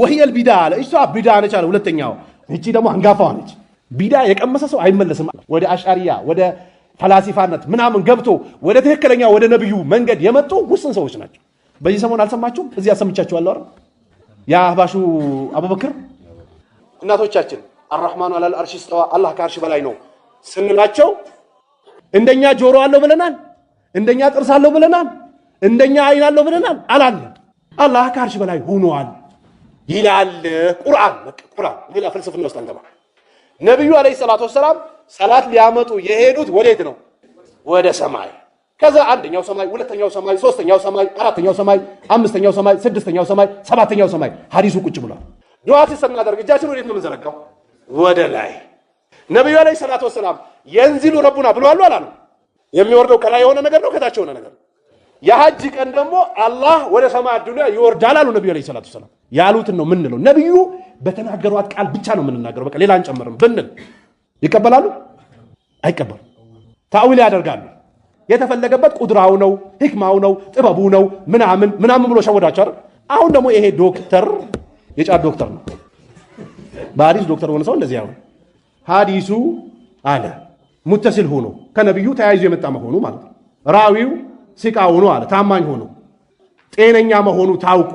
ወህየል ቢዳ አለ። እሷ ቢዳ ነች አለ። ሁለተኛው እቺ ደግሞ አንጋፋዋ ነች። ቢዳ የቀመሰ ሰው አይመለስም። ወደ አሻሪያ ወደ ፈላሲፋነት ምናምን ገብቶ ወደ ትክክለኛ ወደ ነብዩ መንገድ የመጡ ውስን ሰዎች ናቸው። በዚህ ሰሞን አልሰማችሁም? እዚህ አሰምቻችኋለሁ አይደል? ያ አህባሹ አቡበክር እናቶቻችን አራህማኑ አላል አርሽ ስተዋ አላህ ከአርሽ በላይ ነው ስንላቸው እንደኛ ጆሮ አለው ብለናል፣ እንደኛ ጥርስ አለው ብለናል፣ እንደኛ አይን አለው ብለናል። አላለም። አላህ ከአርሽ በላይ ሆኗል። ይላል ቁርአን። በቃ ቁርአን ሌላ ፍልስፍና ውስጥ አንገባ። ነብዩ አለይሂ ሰላቱ ወሰላም ሰላት ሊያመጡ የሄዱት ወዴት ነው? ወደ ሰማይ። ከዛ አንደኛው ሰማይ፣ ሁለተኛው ሰማይ፣ ሶስተኛው ሰማይ፣ አራተኛው ሰማይ፣ አምስተኛው ሰማይ፣ ስድስተኛው ሰማይ፣ ሰባተኛው ሰማይ። ሐዲሱ ቁጭ ብሏል። ዱዓ ስናደርግ እጃችን ወዴት ነው የምንዘረጋው? ወደ ላይ። ነብዩ አለይሂ ሰላቱ ወሰላም የንዚሉ ረቡና ብሏል አላሉ? የሚወርደው ከላይ የሆነ ነገር ነው፣ ከታች የሆነ ነገር ነው። የሐጅ ቀን ደግሞ አላህ ወደ ሰማይ ዱንያ ይወርዳል አሉ ነብዩ አለይሂ ሰላቱ ወሰላም ያሉትን ነው ምንለው። ነቢዩ በተናገሯት ቃል ብቻ ነው የምንናገረው። በቃ ሌላ አንጨምርም ብንል ይቀበላሉ? አይቀበሉ። ታዊል ያደርጋሉ። የተፈለገበት ቁድራው ነው፣ ህክማው ነው፣ ጥበቡ ነው ምናምን ምናምን ብሎ ሸወዳቸው አይደል? አሁን ደግሞ ይሄ ዶክተር የጫት ዶክተር ነው። በሐዲስ ዶክተር ሆነ ሰው እንደዚህ አይሆን። ሐዲሱ አለ ሙተሲል ሆኖ ከነቢዩ ተያይዞ የመጣ መሆኑ ማለት ነው። ራዊው ሲቃ ሆኖ አለ ታማኝ ሆኖ ጤነኛ መሆኑ ታውቆ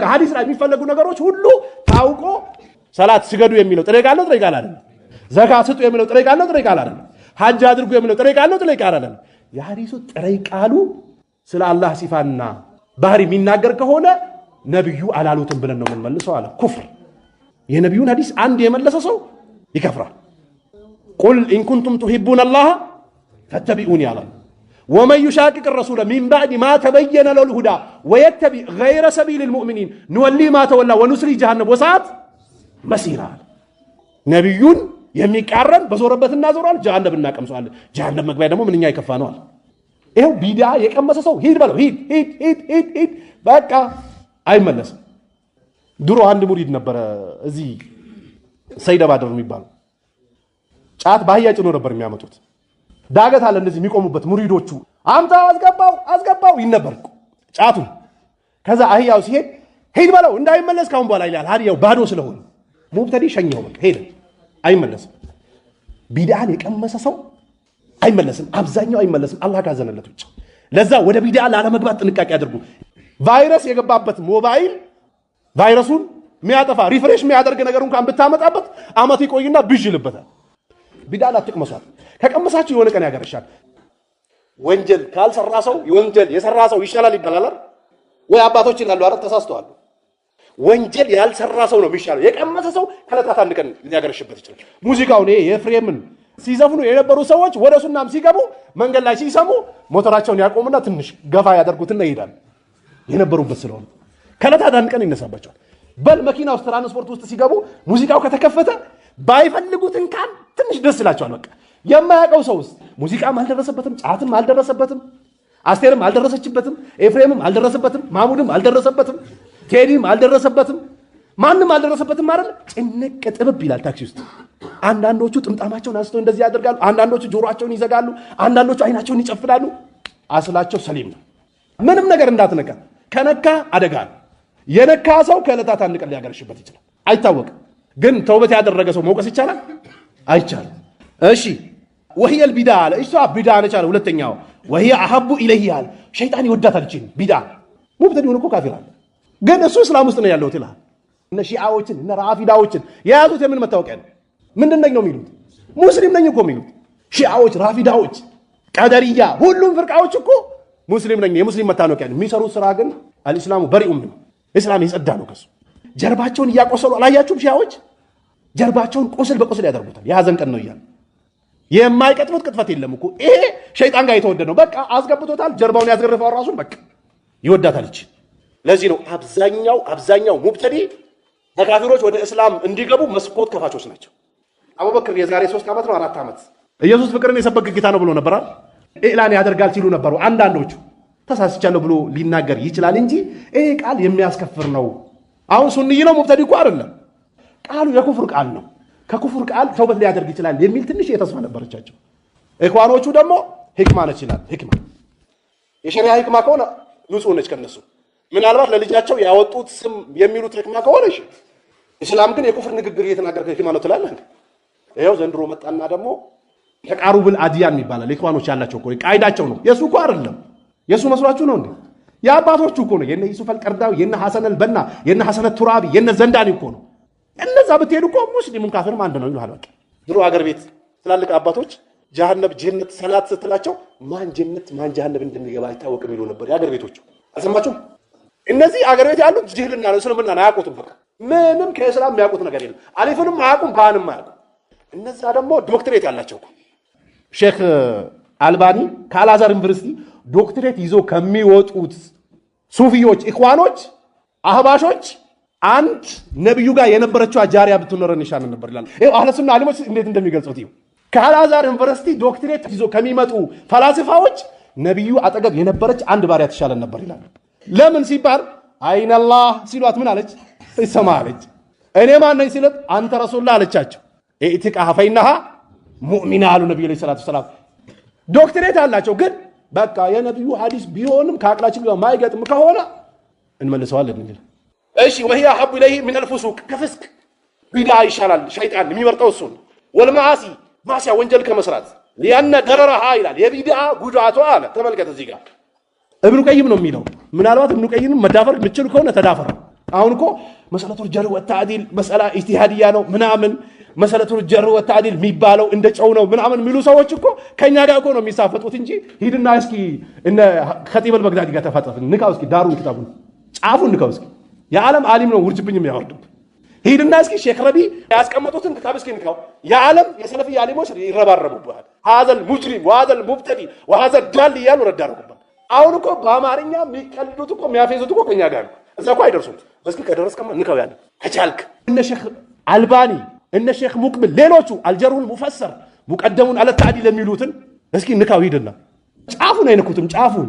ከሀዲስ ላይ የሚፈለጉ ነገሮች ሁሉ ታውቆ ሰላት ስገዱ የሚለው ጥሬ ቃል ነው፣ ጥሬ ቃል አይደለም። ዘካ ስጡ የሚለው ጥሬ ቃል ነው፣ ጥሬ ቃል አይደለም። ሀጅ አድርጉ የሚለው ጥሬ ቃል ነው፣ ጥሬ ቃል አይደለም። የሀዲሱ ጥሬ ቃሉ ስለ አላህ ሲፋና ባህሪ የሚናገር ከሆነ ነቢዩ አላሉትም ብለን ነው የምንመልሰው አለ። ኩፍር የነቢዩን ሀዲስ አንድ የመለሰ ሰው ይከፍራል። ቁል ኢንኩንቱም ቱሂቡን አላህ ፈተቢኡኒ አላል ወመን ዩሻቅቅ ረሱለ ሚን ባዕድ ማ ተበየነ ለሁል ሁዳ ወየተቢ ገይረ ሰቢልል ሙእሚኒን ንወሊ ማ ተወላ ወኑስሊ ጀሃነም ወሰዓት መሲራ አለ። ነቢዩን የሚቃረን በዞረበት እናዞረዋል፣ ጀሃነም እናቀምሰዋለን። ጀሃነም መግቢያ ደግሞ ምንኛ ይከፋ ነዋል። ይኸው ቢዳ የቀመሰ ሰው ሂድ በለው ሂድ ሂድ ሂድ ሂድ ሂድ፣ በቃ አይመለስም። ድሮ አንድ ሙሪድ ነበረ እዚህ ሰይድ አባድር የሚባለው ጫት በአህያ ጭኖ ነበር የሚያመጡት ዳገት አለ እንደዚህ የሚቆሙበት ሙሪዶቹ አምጣ አስገባው አስገባው ይነበር ጫቱ። ከዛ አህያው ሲሄድ ሂድ በለው እንዳይመለስ ካሁን በኋላ ይላል። ሀዲያው ባዶ ስለሆነ ሙብተዲ ሸኘው ሄደ፣ አይመለስም። ቢድዓን የቀመሰ ሰው አይመለስም፣ አብዛኛው አይመለስም፣ አላህ ካዘነለት ውጭ። ለዛ ወደ ቢዳ ላለመግባት ጥንቃቄ አድርጉ። ቫይረስ የገባበት ሞባይል ቫይረሱን የሚያጠፋ ሪፍሬሽ የሚያደርግ ነገር እንኳን ብታመጣበት አመት ይቆይና ብዥ ይልበታል። ቢዳን አትቅመሷት። ከቀመሳችሁ የሆነ ቀን ያገረሻል። ወንጀል ካልሰራ ሰው ወንጀል የሰራ ሰው ይሻላል ይባላል ወይ? አባቶች ይላሉ። አረ ተሳስተዋል። ወንጀል ያልሰራ ሰው ነው የሚሻለው። የቀመሰ ሰው ከለታት አንድ ቀን ሊያገረሽበት ይችላል። ሙዚቃው እኔ የፍሬምን ሲዘፍኑ የነበሩ ሰዎች ወደ ሱናም ሲገቡ መንገድ ላይ ሲሰሙ ሞተራቸውን ያቆሙና ትንሽ ገፋ ያደርጉትና ይሄዳል። የነበሩበት ስለሆነ ከለታት አንድ ቀን ይነሳባቸዋል። በል መኪና ውስጥ ትራንስፖርት ውስጥ ሲገቡ ሙዚቃው ከተከፈተ ባይፈልጉት እንኳን ትንሽ ደስ ይላቸዋል። በቃ የማያውቀው ሰው ውስጥ ሙዚቃም አልደረሰበትም፣ ጫትም አልደረሰበትም፣ አስቴርም አልደረሰችበትም፣ ኤፍሬምም አልደረሰበትም፣ ማሙድም አልደረሰበትም፣ ቴዲም አልደረሰበትም፣ ማንም አልደረሰበትም አይደል? ጭንቅ ጥብብ ይላል ታክሲ ውስጥ። አንዳንዶቹ ጥምጣማቸውን አንስተው እንደዚህ ያደርጋሉ፣ አንዳንዶቹ ጆሮአቸውን ይዘጋሉ፣ አንዳንዶቹ አይናቸውን ይጨፍላሉ። አስላቸው ሰሊም ነው። ምንም ነገር እንዳትነካ፣ ከነካ አደጋ ነው። የነካ ሰው ከዕለታት አንድ ቀን ሊያገረሽበት ይችላል፣ አይታወቅም። ግን ተውበት ያደረገ ሰው መውቀስ ይቻላል አይቻልም? እሺ ወህየል ቢዳ አለ እሷ ቢዳ ነች አለ። ሁለተኛው ወህየ አሐቡ ኢለይሂ አለ ሸይጣን ይወዳታል። እቺን ቢዳ ሙብተድ ሆነ እኮ ካፊር አለ፣ ግን እሱ እስላም ውስጥ ነው ያለሁት ይላል። እነ ሺዓዎችን እነ ራፊዳዎችን የያዙት የምን መታወቂያ ነው? ምንድን ነው የሚሉት? ሙስሊም ነኝ እኮ የሚሉት ሺዓዎች፣ ራፊዳዎች፣ ቀደርያ ሁሉም ፍርቃዎች እኮ ሙስሊም ነኝ የሙስሊም መታወቂያ ነው። የሚሰሩት ስራ ግን አልኢስላሙ በሪኡም ነው፣ እስላም የጸዳ ነው ከሱ ጀርባቸውን እያቆሰሉ አላያችሁም? ሺያዎች ጀርባቸውን ቁስል በቁስል ያደርጉታል። የሀዘን ቀን ነው እያሉ የማይቀጥፉት ቅጥፈት የለም እኮ ይሄ ሸይጣን ጋር የተወደደ ነው። በቃ አስገብቶታል። ጀርባውን ያስገርፈው ራሱን በቃ ይወዳታል። ይች ለዚህ ነው አብዛኛው አብዛኛው ሙብተዲ ተካፊሮች ወደ እስላም እንዲገቡ መስኮት ከፋቾች ናቸው። አቡበክር የዛሬ ሶስት ዓመት ነው አራት ዓመት ኢየሱስ ፍቅርን የሰበክ ጌታ ነው ብሎ ነበራል። ኢዕላን ያደርጋል ሲሉ ነበሩ አንዳንዶቹ። ተሳስቻለሁ ብሎ ሊናገር ይችላል እንጂ ይህ ቃል የሚያስከፍር ነው አሁን ሱንይ ነው ሙብተዲ እኮ አይደለም። ቃሉ የኩፍር ቃል ነው። ከኩፍር ቃል ተውበት ሊያደርግ ይችላል የሚል ትንሽ የተስፋ ነበረቻቸው። እኳኖቹ ደግሞ ህክማ ነች ይላል። ህክማ የሸሪያ ህክማ ከሆነ ንጹህ ነች ከነሱ ምናልባት ለልጃቸው ያወጡት ስም የሚሉት ህክማ ከሆነ እስላም ግን የኩፍር ንግግር እየተናገር ህክማ ነው ትላለ። ይኸው ዘንድሮ መጣና ደግሞ ተቃሩብል አድያን ይባላል። ኢኽዋኖች ያላቸው ቃይዳቸው ነው። የእሱ እኮ አይደለም። የእሱ መስሏችሁ ነው እንዴ? የአባቶቹ እኮ ነው። የነ ዩሱፍ አልቀርዳዊ፣ የነ ሐሰን አልበና፣ የነ ሐሰን ቱራቢ፣ የነ ዘንዳኒ እኮ ነው። እነዛ ብትሄዱ እኮ ሙስሊሙን ካፍርም አንድ ነው ይሉሃል። በቃ ድሮ አገር ቤት ትላልቅ አባቶች ጀሃነብ ጀነት ሰላት ስትላቸው ማን ጀነት ማን ጀሃነብ እንደሚገባ አይታወቅም ይሉ ነበር የአገር ቤቶቹ። አልሰማችሁም? እነዚህ አገር ቤት ያሉት ጅህልና ነው፣ እስልምና ነው። አያውቁትም። በቃ ምንም ከእስላም የሚያውቁት ነገር የለም። አሊፍንም አያውቁም፣ ባንም አያውቁም። እነዛ ደግሞ ዶክትሬት ያላቸው ሼክ አልባኒ ከአልአዛር ዩኒቨርሲቲ ዶክትሬት ይዞ ከሚወጡት ሱፊዎች፣ ኢኽዋኖች፣ አህባሾች አንድ ነቢዩ ጋር የነበረችው ጃሪያ ብትኖረን ይሻለን ነበር ይላል። ይኸው አህለ አሊሞች እንዴት እንደሚገልጹት ይኸው ከአልአዛር ዩኒቨርሲቲ ዶክትሬት ይዞ ከሚመጡ ፈላስፋዎች ነቢዩ አጠገብ የነበረች አንድ ባሪያ ትሻለን ነበር ይላል። ለምን ሲባል አይነላህ ሲሏት ምን አለች? ይሰማ አለች። እኔ ማነኝ ሲለት አንተ ረሱላ አለቻቸው። ኢዕቲቃሃ ፈይናሃ ሙእሚና አሉ ነቢዩ ዐለይሂ ሰላቱ ወሰላም። ዶክትሬት አላቸው ግን በቃ የነቢዩ ሐዲስ ቢሆንም ከአቅላችን ጋር ማይገጥም ከሆነ እንመልሰዋለን እንጂ እሺ وهي احب اليه من الفسوق ከፍስክ ቢዳ ይሻላል ሸይጣን የሚመርጠው እሱን ወልማዓሲ ማሲያ ወንጀል ከመስራት ሊያነ ደረረሃ ይላል የቢዳ ጉዳቷ አለ ተመልከት እዚህ ጋር እብኑ ቀይም ነው የሚለው ምናልባት እብኑ ቀይም መዳፈር የምችል ከሆነ ተዳፈረ አሁን እኮ መሰለቱል ጀርህ ወታዕዲል መሰላ ኢጅቲሃድያ ነው ምናምን መሰረቱን ጀር ወታዲል የሚባለው እንደ ጨው ነው ምናምን የሚሉ ሰዎች እኮ ከኛ ጋር እኮ ነው የሚሳፈጡት እንጂ ሂድና እስኪ እነ ከጢበል በግዳዲ ጋር ተፋጠፍ ንካ እስኪ ዳሩን ኪታቡን ጫፉን ንካው እስኪ የዓለም አሊም ነው ውርጅብኝ የሚያወርድብ ሂድና እስኪ ሼክ ረቢ ያስቀመጡትን ክታብ እስኪ ንካው የዓለም የሰለፊ አሊሞች ይረባረቡብሃል ሀዘል ሙጅሪም ወሀዘል ሙብተዲ ወሀዘል ዳል እያሉ ረዳረጉባል አሁን እኮ በአማርኛ የሚቀልዱት እኮ የሚያፌዙት እኮ ከኛ ጋር ነው እዛ እኮ አይደርሱም እስኪ ከደረስከማ ንካው ያለ ከቻልክ እነ ሼክ አልባኒ እነ ሼክ ሙቅብል ሌሎቹ አልጀሩን ሙፈሰር ሙቀደሙን አለ ተዕዲል የሚሉትን እስኪ ንካው ሂድና፣ ጫፉን አይነኩትም። ጫፉን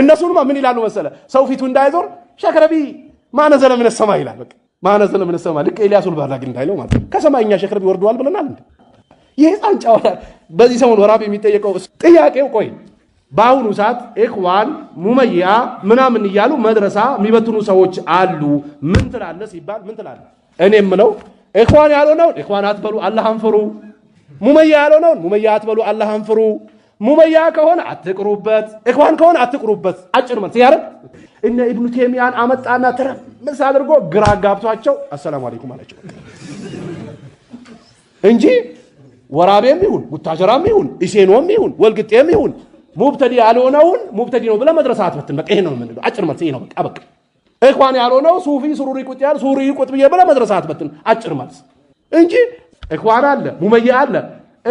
እነሱንማ ምን ይላሉ መሰለ ሰው ፊቱ እንዳይዞር ሸክረቢ ማነዘለ ምን ሰማ ይላል። በቃ ማነዘለ ምን ሰማ ልክ ኤልያሱል ባላግ እንዳይለው ማለት ነው። ከሰማይኛ ሸክረቢ ወርደዋል ብለናል እንዴ? የህፃን ጫዋታ። በዚህ ሰሞን ወራብ የሚጠየቀው ጥያቄው ቆይ በአሁኑ ሰዓት ኤክዋን ሙመያ ምናምን እያሉ መድረሳ የሚበትኑ ሰዎች አሉ። ምን ትላለ ሲባል ምን ትላለህ? እኔ የምለው ኢኽዋን ያልሆነውን ኢኽዋን አትበሉ፣ አላህን ፍሩ። ሙመያ ያልሆነውን ሙመያ አትበሉ፣ አላህን ፍሩ። ሙመያ ከሆነ አትቅሩበት፣ ኢኽዋን ከሆነ አትቅሩበት። አጭር መልስ ያረግ እነ ኢብኑ ቴሚያን አመጣና ተረምስ አድርጎ ግራ ጋብቷቸው አሰላሙ አለይኩም አላቸው እንጂ ወራቤም ይሁን ጉታጀራም ይሁን ኢሴኖም ይሁን ወልግጤም ይሁን ሙብተዲ ያልሆነውን ሙብተዲ ነው ብለህ መድረሳ አትበትን። በቃ ይሄ ነው የምንለው። አጭር መልስ ይሄ ነው። በቃ በቃ እኳን ያልሆነው ሱፊ ሱሩሪ ቁጥያን ሱሪ ቁጥ ብዬ ብለህ መድረሳ አትበትን። አጭር መልስ እንጂ እኳን አለ ሙመያ አለ።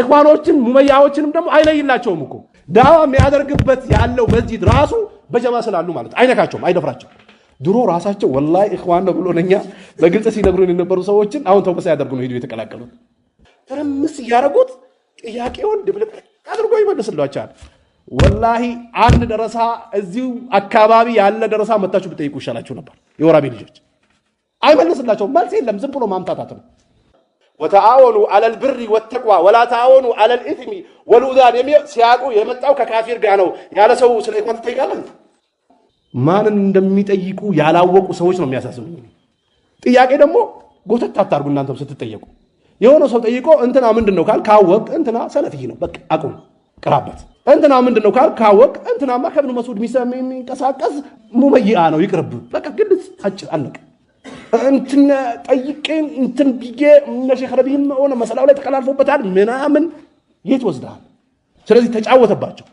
እኳኖችን ሙመያዎችንም ደግሞ አይለይላቸውም እኮ ዳዋ የሚያደርግበት ያለው መስጂድ ራሱ በጀማ ስላሉ ማለት አይነካቸውም፣ አይደፍራቸው። ድሮ ራሳቸው ወላሂ እኳን ነው ብሎ ነኛ በግልጽ ሲነግሩን የነበሩ ሰዎችን አሁን ተውበሳ ያደርጉ ነው ሄዱ የተቀላቀሉት። ትርምስ እያደረጉት ጥያቄውን ድብልቅ አድርጎ ይመልስላቸዋል። ወላሂ አንድ ደረሳ እዚሁ አካባቢ ያለ ደረሳ መታችሁ ብጠይቁ ይሻላችሁ ነበር። የወራቤ ልጆች አይመልስላቸው መልስ የለም። ዝም ብሎ ማምታታት ነው። ወተአወኑ አለል ብሪ ወተቅዋ ወላ ተአወኑ አለል ኢትሚ ወልኡዳን ሲያቁ የመጣው ከካፊር ጋር ነው ያለ ሰው ስለ ኢኽዋን ማንን እንደሚጠይቁ ያላወቁ ሰዎች ነው የሚያሳስቡ። ጥያቄ ደግሞ ጎተት አታርጉ። እናንተም ስትጠየቁ የሆነ ሰው ጠይቆ እንትና ምንድን ነው ካል ካወቅ እንትና ሰለፍይ ነው በቃ አቁም። ቅራበት። እንትና ምንድን ነው ካል ካወቅ እንትናማ ከብን መስዑድ የሚንቀሳቀስ ሙመይአ ነው ይቅርብ። በቃ ግልጽ አጭር አለቅ እንትን ጠይቄን እንትን ብዬ እነ ሼክ ረቢህም ሆነ መሰላው ላይ ተቀላልፎበታል ምናምን የት ወስደሃል? ስለዚህ ተጫወተባቸው።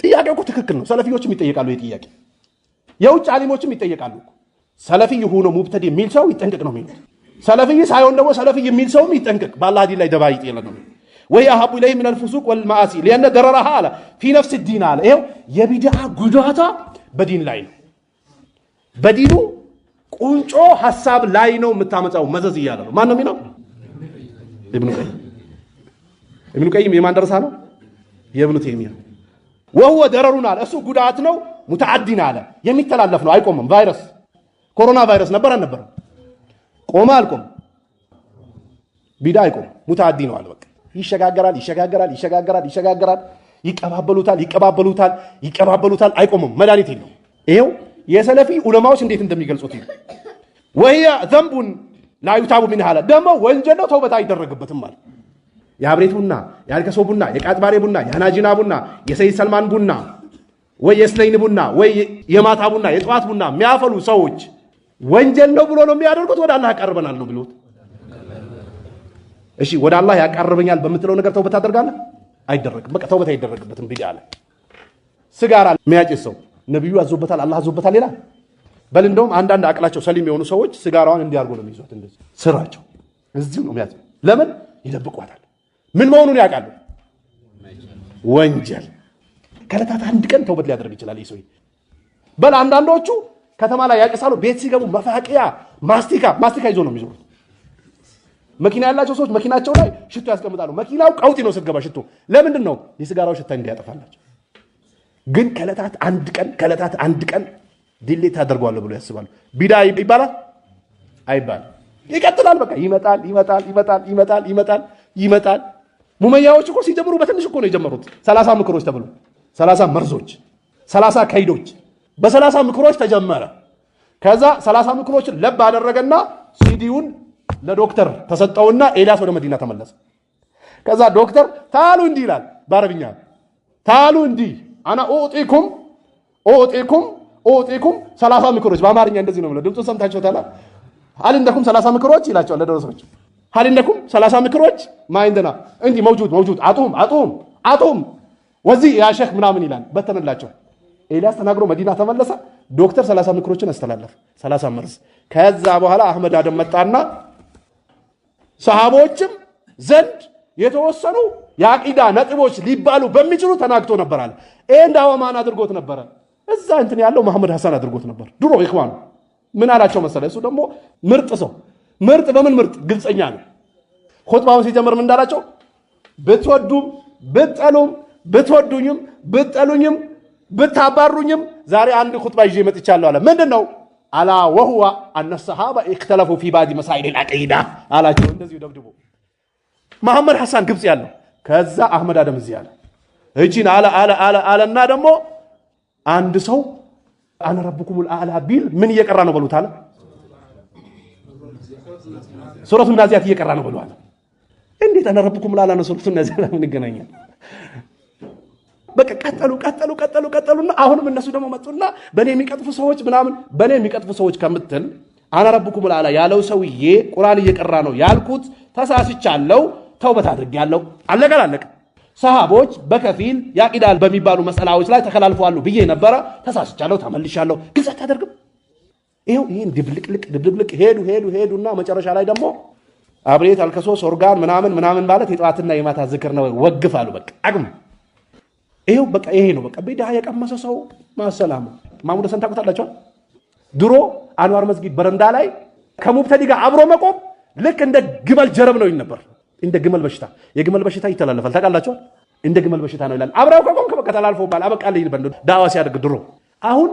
ጥያቄ እኮ ትክክል ነው። ሰለፊዎችም ይጠየቃሉ። የጥያቄ የውጭ አሊሞችም ይጠየቃሉ። ሰለፊይ ሆኖ ሙብተድ የሚል ሰው ይጠንቅቅ ነው የሚሉት። ሰለፊይ ሳይሆን ደግሞ ሰለፊይ የሚል ሰውም ይጠንቅቅ፣ ባላዲ ላይ ደባይጥ ይጥለ ነው ወይ አሀቡ ኢለይ ሚነል ፉሱቅ ወልማዓሲ ሊአነ ደረረሃ አለ ፊ ነፍስ ዲን አለ። ይኸው የቢድዓ ጉዳቷ በዲን ላይ ነው። በዲኑ ቁንጮ ሐሳብ ላይ ነው የምታመጣው መዘዝ እያለ ነው። ማን ነው የሚለው? ኢብኑ ቀይም። ኢብኑ ቀይም የማን ደረሳ ነው? የኢብኑ ተይሚያ ወሁወ ደረሩን አለ። እሱ ጉዳት ነው። ሙተዓዲን አለ የሚተላለፍ ነው፣ አይቆምም። ቫይረስ ኮሮና ቫይረስ ነበር አልነበረም? ቆመ አልቆም? ቢዳ አይቆም ሙተዓዲ ነው አለ በቃ ይሸጋገራል፣ ይሸጋገራል፣ ይሸጋገራል፣ ይሸጋገራል። ይቀባበሉታል፣ ይቀባበሉታል፣ ይቀባበሉታል። አይቆምም። መድኃኒት የለው። ይኸው የሰለፊ ዑለማዎች እንዴት እንደሚገልጹት ይሉ ወህያ ዘንቡን ላዩታቡ ምን ሀላ ደግሞ ወንጀል ነው፣ ተውበት አይደረግበትም ማለት የአብሬት ቡና፣ የአልከሶ ቡና፣ የቃጥባሬ ቡና፣ የአናጂና ቡና፣ የሰይድ ሰልማን ቡና ወይ የስነይን ቡና ወይ የማታ ቡና፣ የጠዋት ቡና የሚያፈሉ ሰዎች ወንጀል ነው ብሎ ነው የሚያደርጉት። ወደ አላህ ቀርበናል ነው ብሎት እሺ ወደ አላህ ያቀርበኛል በምትለው ነገር ተውበት ታደርጋለህ? አይደረግም። በቃ ተውበት አይደረግበትም። ቢዳ አለ። ስጋራ የሚያጭስ ሰው ነቢዩ አዞበታል፣ አላህ አዞበታል ይላል። በል እንደውም አንዳንድ አቅላቸው ሰሊም የሆኑ ሰዎች ስጋራዋን እንዲያርጉ ነው የሚይዟት። እንደዚህ ስራቸው እዚሁ ነው የሚያዝ። ለምን ይደብቋታል? ምን መሆኑን ያውቃሉ? ወንጀል። ከዕለታት አንድ ቀን ተውበት ሊያደርግ ይችላል ይህ ሰው። በል አንዳንዶቹ ከተማ ላይ ያጭሳሉ፣ ቤት ሲገቡ መፋቂያ ማስቲካ ማስቲካ ይዞ ነው የሚዞሩት መኪና ያላቸው ሰዎች መኪናቸው ላይ ሽቶ ያስቀምጣሉ። መኪናው ቀውጢ ነው ስትገባ ሽቶ። ለምንድን ነው? የስጋራው ሽታ እንዲያጠፋላቸው። ግን ከዕለታት አንድ ቀን ከዕለታት አንድ ቀን ድሌት ታደርጓለ ብሎ ያስባሉ። ቢዳ ይባላል አይባል ይቀጥላል። በቃ ይመጣል ይመጣል ይመጣል ይመጣል ይመጣል ይመጣል። ሙመያዎች እኮ ሲጀምሩ በትንሽ እኮ ነው የጀመሩት። ሰላሳ ምክሮች ተብሎ ሰላሳ መርዞች፣ ሰላሳ ከይዶች በሰላሳ ምክሮች ተጀመረ። ከዛ ሰላሳ ምክሮችን ለብ አደረገና ሲዲውን ለዶክተር ተሰጠውና ኤልያስ ወደ መዲና ተመለሰ። ከዛ ዶክተር ታሉ እንዲህ ይላል በአረብኛ ታሉ እንዲህ አና ኡዕጢኩም ኡዕጢኩም ኡዕጢኩም ሰላሳ ምክሮች በአማርኛ እንደዚህ ነው ብለው ድምፁን ሰምታችሁታል። እንደኩም ሰላሳ ምክሮች ይላቸዋል ለደረሰዎች እንደኩም ሰላሳ ምክሮች ማይንደና እንዲህ መውጁድ መውጁድ አጡም አጡም አጡም ወዚህ ያ ሼክ ምናምን ይላል በተነላቸው። ኤልያስ ተናግሮ መዲና ተመለሰ። ዶክተር ሰላሳ ምክሮችን አስተላለፈ። ሰላሳ መርዝ ከዛ በኋላ አህመድ አደም መጣና ሰሃቦችም ዘንድ የተወሰኑ የአቂዳ ነጥቦች ሊባሉ በሚችሉ ተናግቶ ነበራል። ይሄ ማን አድርጎት ነበረ? እዛ እንትን ያለው መሐመድ ሐሰን አድርጎት ነበር ድሮ። ይኽዋኑ ምን አላቸው መሰለ? እሱ ደግሞ ምርጥ ሰው ምርጥ በምን ምርጥ ግልጸኛ ነው። ኹጥባውን ሲጀምር ምን እንዳላቸው ብትወዱም ብትጠሉም ብትወዱኝም ብትጠሉኝም ብታባሩኝም ዛሬ አንድ ኹጥባ ይዤ መጥቻለሁ አለ። ምንድን ነው አላ ወህዋ አነ ሰሃባ ፊ ባዕድ መሳኢል ልዐቂዳ አላቸው። እንደዚሁ ደብድቦ መሐመድ ሐሳን ግብፅ ያለው ከዛ አህመድ አደም እዚህ ያለ እጅን አለ አለ አለና ደግሞ አንድ ሰው አነ ረብኩም ልአዕላ ቢል ምን እየቀራ ነው በሉት አለ ሱረቱ ናዚያት እየቀራ ነው በሉ አለ። እንዴት አነ ረብኩም ልአዕላ ነው ሱረቱ ናዚያት ምን ይገናኛል? በቃ ቀጠሉ ቀጠሉ ቀጠሉ ቀጠሉና አሁንም እነሱ ደግሞ መጡና በእኔ የሚቀጥፉ ሰዎች ምናምን በእኔ የሚቀጥፉ ሰዎች ከምትል አናረብኩም ላላ ያለው ሰውዬ ቁርአን እየቀራ ነው ያልኩት ተሳስቻለሁ፣ ተውበት አድርጌያለሁ። አለቀ አለቀ። ሰሃቦች በከፊል ያቂዳል በሚባሉ መሰላዎች ላይ ተከላልፈዋሉ ብዬ ነበረ። ተሳስቻለሁ፣ ተመልሻለሁ። ግልጽ አታደርግም። ይኸው ይህን ድብልቅልቅ ድብልቅልቅ ሄዱ ሄዱ ሄዱና መጨረሻ ላይ ደግሞ አብሬት አልከሶ ሶርጋን ምናምን ምናምን ማለት የጠዋትና የማታ ዝክር ነው። ወግፍ አሉ በቃ አቅም ይሄው በቃ ይሄ ነው በቃ ቢድዓ የቀመሰ ሰው ማሰላሙ። ማሙድ ሀሰን ታውቁታላችኋል። ድሮ አንዋር መስጊድ በረንዳ ላይ ከሙብተዲ ጋር አብሮ መቆም ልክ እንደ ግመል ጀረብ ነው ይል ነበር። እንደ ግመል በሽታ የግመል በሽታ ይተላለፋል ታውቃላችኋል። እንደ ግመል በሽታ ነው ይላል። አብረው ከቆም ከበቃ ተላልፎ ባል አበቃ አበቃልኝ በ ዳዋ ሲያደርግ ድሮ። አሁን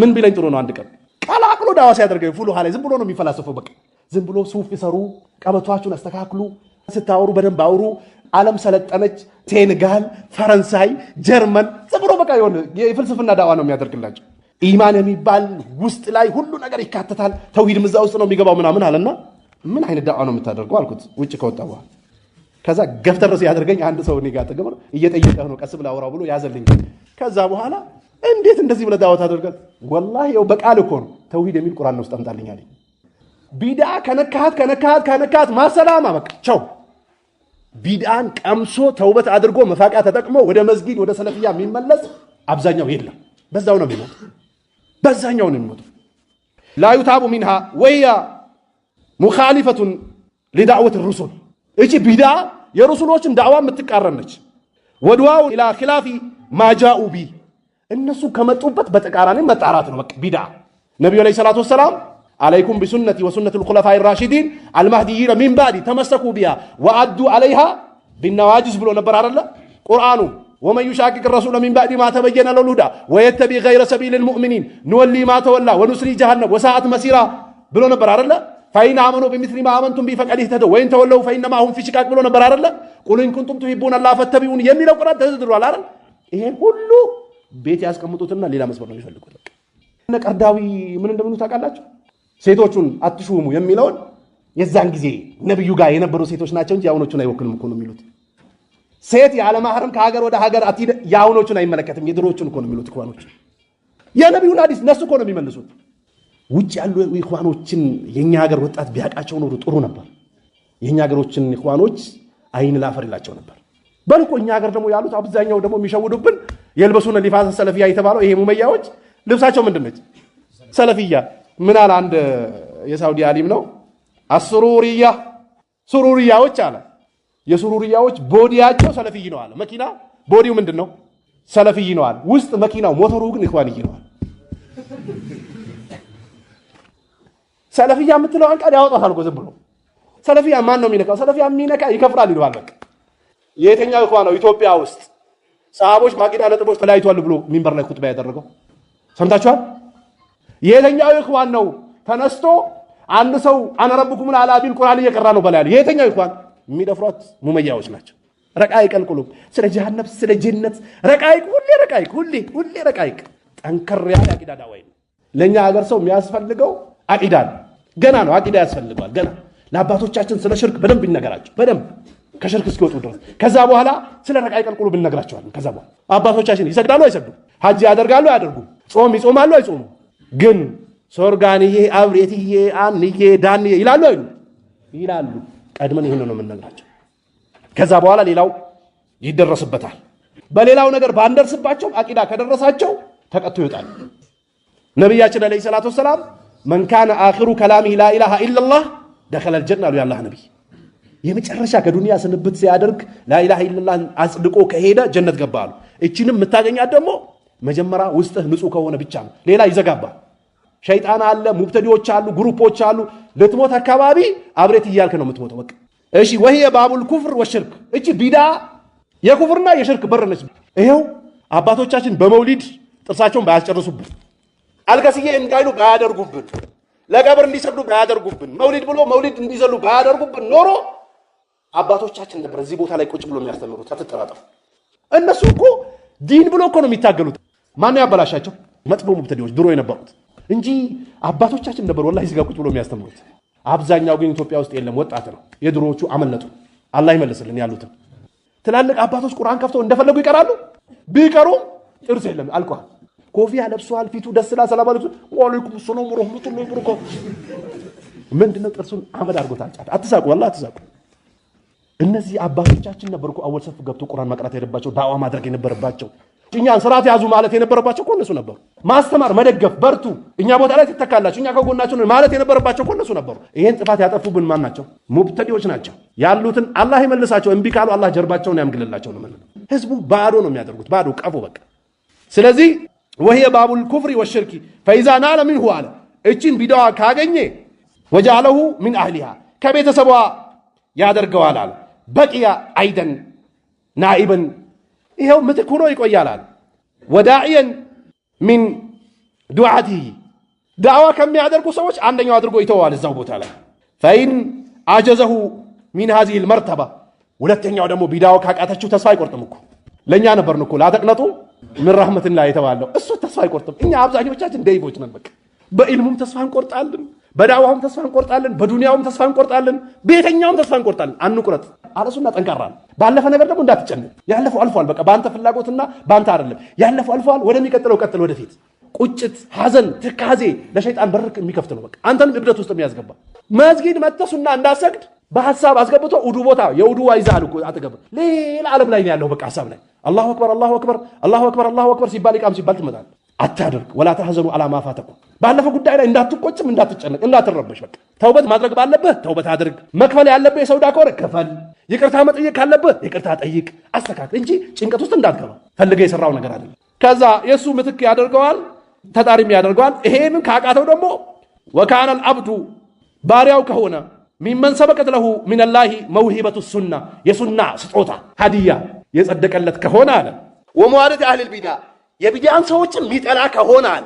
ምን ቢለኝ ጥሩ ነው አንድ ቀን ቀላቅሎ ዳዋ ሲያደርገ ፉሉ ላይ ዝም ብሎ ነው የሚፈላሰፈው። በቃ ዝም ብሎ ሱፍ ይሰሩ፣ ቀበቷችሁን አስተካክሉ፣ ስታወሩ በደንብ አውሩ ዓለም ሰለጠነች፣ ሴኔጋል፣ ፈረንሳይ፣ ጀርመን ዝም በቃ የሆነ የፍልስፍና ዳዋ ነው የሚያደርግላቸው። ኢማን የሚባል ውስጥ ላይ ሁሉ ነገር ይካተታል፣ ተውሂድ ምዛ ውስጥ ነው የሚገባው ምናምን አለና ምን አይነት ዳዋ ነው የምታደርገው አልኩት ውጭ ከወጣ በኋላ ከዛ ገፍተረስ ያደርገኝ አንድ ሰው እኔ ጋር ጥቅም እየጠየቀህ ነው ቀስ ብለህ አውራው ብሎ ያዘልኝ። ከዛ በኋላ እንዴት እንደዚህ ብለህ ዳዋ ታደርጋል? ወላሂ ይኸው በቃል እኮ ነው ተውሂድ የሚል ቁርአን ውስጥ አምጣልኝ አለኝ። ቢድዓ ከነካሃት ከነካሃት ከነካሃት ማሰላማ በቃ ቸው ቢድአን ቀምሶ ተውበት አድርጎ መፋቂያ ተጠቅሞ ወደ መስጊድ ወደ ሰለፍያ የሚመለስ አብዛኛው የለም። በዛው ነው የሚሞቱ፣ በዛኛው ነው የሚሞቱ። ላዩታቡ ሚንሃ ወያ ሙኻሊፈቱን ሊዳዕወት ሩሱል እቺ ቢድአ የሩሱሎችን ዳዕዋ የምትቃረን ነች። ወድዋው ኢላ ኪላፊ ማጃኡ ቢ እነሱ ከመጡበት በተቃራኒ መጣራት ነው። በቃ ቢድአ ነቢዩ ዓለይሂ ሰላቱ ወሰላም አለይኩም ቢሱነቲ ወሱነት ልኩለፋ ራሺዲን አልማህዲይነ ሚን ባዕዲ ተመሰኩ ቢሃ ወአዱ አለይሃ ቢናዋጅዝ ብሎ ነበር አደለ ቁርአኑ ወመን ዩሻቅቅ ረሱለ ሚን ባዕዲ ማ ተበየነ ለሁል ሁዳ ወየተቢ ገይረ ሰቢል ልሙእሚኒን ንወሊ ማ ተወላ ወኑስሊ ጀሃነም ወሰዓት መሲራ ብሎ ነበር አደለ ፈኢን አመኑ ብሚስሊ ማ አመንቱም ቢ ፈቀድ ወይን ተወለው ፈኢነማ ሁም ፊ ብሎ ነበር አደለ ቁል ኢን ኩንቱም ቱሂቡነ ላህ ፈተቢዑን የሚለው ቁርአን ተዘድሯል አይደል ይሄን ሁሉ ቤት ያስቀምጡትና ሌላ መስመር ነው የሚፈልጉት እነ ቀርዳዊ ምን እንደምኑ ታውቃላችሁ ሴቶቹን አትሹሙ የሚለውን የዛን ጊዜ ነብዩ ጋር የነበሩ ሴቶች ናቸው እንጂ የአሁኖቹን አይወክልም እኮ ነው የሚሉት። ሴት ያለማህረም ከሀገር ወደ ሀገር አትሂድ፣ የአሁኖቹን አይመለከትም፣ የድሮቹን እኮ ነው የሚሉት። ኢኽዋኖች የነቢዩን አዲስ ነሱ እኮ ነው የሚመልሱት። ውጭ ያሉ ኢኽዋኖችን የእኛ ሀገር ወጣት ቢያውቃቸው ኖሩ ጥሩ ነበር። የእኛ ሀገሮችን ኢኽዋኖች አይን ላፈር ይላቸው ነበር። በልቆ እኛ ሀገር ደግሞ ያሉት አብዛኛው ደግሞ የሚሸውዱብን የልበሱን ሊፋሰ ሰለፊያ የተባለው ይሄ ሙመያዎች ልብሳቸው ምንድነች? ሰለፊያ ምን አለ አንድ የሳውዲ አሊም ነው አስሩሪያ ሱሩሪያዎች አለ የሱሩሪያዎች ቦዲያቸው ሰለፍይ ነው አለ መኪና ቦዲው ምንድን ነው ሰለፍይ ነው አለ ውስጥ መኪናው ሞተሩ ግን ኢኽዋንይ ነው አለ ሰለፍያ የምትለዋን ቃል ያወጣታል እኮ ዝም ብሎ ሰለፊያ ማን ነው የሚነካው? ሰለፊያ የሚነካ ይከፍራል ይለዋል። በቃ የትኛው እኳ ነው ኢትዮጵያ ውስጥ ሰሃቦች ማቂዳ ነጥቦች ተለያይቷል ብሎ ሚንበር ላይ ኹጥባ ያደረገው ሰምታችኋል? የተኛው ይኽዋን ነው ተነስቶ አንድ ሰው አነረብኩም ቢል ቁርአን እየቀራ ነው በላ የተኛው ይኽዋን ኢኽዋን? የሚደፍሯት ሙመያዎች ናቸው። ረቃይቅ አልቁሉብ ስለ ጀሃነም ስለ ጀነት ረቃይቅ፣ ሁሌ ረቃይቅ፣ ሁሌ ሁሌ ረቃይቅ። ጠንከር ያለ አቂዳ ዳዋይ ነው። ለእኛ ሀገር ሰው የሚያስፈልገው አቂዳ ነው። ገና ነው አቂዳ ያስፈልገዋል። ገና ለአባቶቻችን ስለ ሽርክ በደንብ ይነገራቸው በደንብ ከሽርክ እስኪወጡ ድረስ። ከዛ በኋላ ስለ ረቃይ ቀልቁሉ እንነግራቸዋለን። ከዛ በኋላ አባቶቻችን ይሰግዳሉ አይሰግዱም? ሀጅ ያደርጋሉ አያደርጉም? ጾም ይጾማሉ አይጾሙም? ግን ሶርጋንዬ አብሬትዬ አንዬ ዳንዬ ይላሉ አይሉ ይላሉ። ቀድመን ይህን ነው የምንነግራቸው። ከዛ በኋላ ሌላው ይደረስበታል። በሌላው ነገር ባንደርስባቸው አቂዳ ከደረሳቸው ተቀጥቶ ይወጣል። ነቢያችን አለይሂ ሰላቱ ወሰላም መንካነ አኺሩ ከላሚሂ ላኢላሃ ኢለላህ ደኸለል ጀና አሉ የአላህ ነቢይ። የመጨረሻ ከዱንያ ስንብት ሲያደርግ ላኢላሃ ኢለላህ አጽድቆ ከሄደ ጀነት ገባ አሉ። እቺንም የምታገኛት ደግሞ መጀመሪያ ውስጥህ ንጹህ ከሆነ ብቻ ነው። ሌላ ይዘጋባል። ሸይጣን አለ፣ ሙብተዲዎች አሉ፣ ግሩፖች አሉ። ልትሞት አካባቢ አብሬት እያልክ ነው የምትሞተው። በቃ እሺ። ወህየ ባቡል ኩፍር ወሽርክ፣ እቺ ቢዳ የኩፍርና የሽርክ በር ነች። ይኸው አባቶቻችን በመውሊድ ጥርሳቸውን ባያስጨርሱብን፣ አልከስዬ እንዳይሉ ባያደርጉብን፣ ለቀብር እንዲሰዱ ባያደርጉብን፣ መውሊድ ብሎ መውሊድ እንዲዘሉ ባያደርጉብን ኖሮ አባቶቻችን ነበር እዚህ ቦታ ላይ ቁጭ ብሎ የሚያስተምሩት። አትጠራጠሩ። እነሱ እኮ ዲን ብሎ እኮ ነው የሚታገሉት። ማነው ያበላሻቸው? መጥፎ ሙብተዲዎች ድሮ የነበሩት እንጂ አባቶቻችን ነበር ወላሂ እዚህ ጋ ቁጭ ብሎ የሚያስተምሩት። አብዛኛው ግን ኢትዮጵያ ውስጥ የለም፣ ወጣት ነው። የድሮዎቹ አመለጡ። አላህ ይመልስልን ያሉትን ትላልቅ አባቶች ቁርአን ከፍተው እንደፈለጉ ይቀራሉ። ቢቀሩም ጥርስ የለም አልቋል። ኮፊያ ለብሷል። ፊቱ ደስ ላ ሰላም አለ ዋለይኩም ሰላም ረመቱላ ብርኮ ምንድነው? ጥርሱን አመድ አድርጎታል። ጫት አትሳቁ፣ ወላሂ አትሳቁ። እነዚህ አባቶቻችን ነበርኩ አወል ሰፍ ገብቶ ቁርአን መቅራት የለባቸው ዳዋ ማድረግ የነበረባቸው እኛን ስርዓት ያዙ ማለት የነበረባቸው እኮ እነሱ ነበሩ። ማስተማር፣ መደገፍ፣ በርቱ፣ እኛ ቦታ ላይ ትተካላችሁ፣ እኛ ከጎናችሁ ማለት የነበረባቸው እኮ እነሱ ነበሩ። ይሄን ጥፋት ያጠፉብን ማን ናቸው? ሙብተዲዎች ናቸው። ያሉትን አላህ ይመልሳቸው። እምቢ ካሉ አላህ ጀርባቸውን ያምግልላቸው ነው። ህዝቡ ባዶ ነው የሚያደርጉት፣ ባዶ ቀፎ በቃ። ስለዚህ ወህየ ባቡል ኩፍሪ ወሽርኪ ፈይዛ ናለ ሚንሁ አለ እችን ቢዳዋ ካገኘ ወጃለሁ ምን አህሊሃ ከቤተሰቧ ያደርገዋል አለ በቂያ አይደን ናኢብን ይኸው ምትክ ሆኖ ይቆያላል። ወዳዕየን ሚን ዱዓትህ ዳዕዋ ከሚያደርጉ ሰዎች አንደኛው አድርጎ ይተዋል እዛው ቦታ ላይ ፈኢን አጀዘሁ ሚን ሃዚህ ልመርተባ ሁለተኛው ደግሞ ቢዳዋ ካቃተችው ተስፋ አይቆርጥም እኮ ለእኛ ነበር እኮ ላተቅነጡ ምን ረህመትን ላይ የተባለው እሱ ተስፋ አይቆርጥም። እኛ አብዛኞቻችን ደይቦች ነን። በቃ በኢልሙም ተስፋ እንቆርጣለን። በዳዋውም ተስፋ እንቆርጣለን፣ በዱንያውም ተስፋ እንቆርጣለን፣ በየተኛውም ተስፋ እንቆርጣለን። አንቁረጥ። አለሱና ጠንካራ ነው። ባለፈ ነገር ደግሞ እንዳትጨነቅ። ያለፈው አልፏል። በቃ በአንተ ፍላጎትና በአንተ አይደለም። ያለፈው አልፏል። ወደሚቀጥለው ቀጥል፣ ወደፊት። ቁጭት፣ ሐዘን፣ ትካዜ ለሸይጣን በር የሚከፍት ነው። በቃ አንተንም እብደት ውስጥ የሚያስገባ መስጊድ መተሱና እንዳሰግድ በሀሳብ አስገብቶ ውዱ ቦታ የውዱ ዋይዛ አልኩ ሌላ ዓለም ላይ ያለው በቃ ሀሳብ ላይ አላሁ አክበር፣ አላሁ አክበር፣ አላሁ አክበር፣ አላሁ አክበር ሲባል ይቃም ሲባል ትመጣል። አታደርግ ወላ ተሐዘኑ አላ ባለፈ ጉዳይ ላይ እንዳትቆጭም እንዳትጨነቅ እንዳትረበሽ። በቃ ተውበት ማድረግ ባለብህ ተውበት አድርግ። መክፈል ያለብህ የሰውዳ ከሆነ ክፈል። ይቅርታ መጠየቅ ካለብህ ይቅርታ ጠይቅ፣ አስተካክል እንጂ ጭንቀት ውስጥ እንዳትገባ። ፈልገ የሰራው ነገር አለ። ከዛ የእሱ ምትክ ያደርገዋል፣ ተጣሪም ያደርገዋል። ይሄንን ካቃተው ደግሞ ወካነል አብዱ ባሪያው ከሆነ ሚመን ሰበቀት ለሁ ሚነላሂ መውሂበቱ ሱና የሱና ስጦታ ሀዲያ የጸደቀለት ከሆነ አለ ወመዋደድ አህልል ቢዳ የቢዳን ሰዎችን ሚጠላ ከሆነ አለ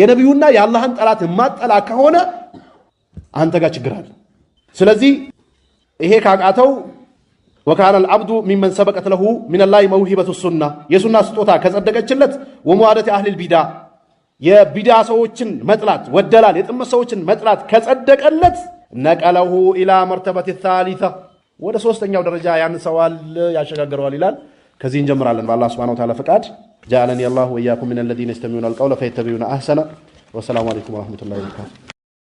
የነቢዩና የአላህን ጠላት የማጠላ ከሆነ አንተ ጋር ችግር አለ። ስለዚህ ይሄ ካቃተው ወካነ አልዓብዱ ሚመን ሰበቀት ለሁ ሚነላሂ መውሂበቱ ሱና የሱና ስጦታ ከጸደቀችለት ወመዋደት አህሊል ቢዳ የቢዳ ሰዎችን መጥላት ወደላል የጥመት ሰዎችን መጥላት ከጸደቀለት ነቀለሁ ኢላ መርተበት ታሊታ ወደ ሶስተኛው ደረጃ ያንሰዋል፣ ያሸጋግረዋል ይላል። ከዚህ እንጀምራለን በአላህ ሱብሓነሁ ወተዓላ ፈቃድ። جعلني الله وإياكم من الذين يستمعون القول فيتبعون أحسنه والسلام عليكم ورحمة الله وبركاته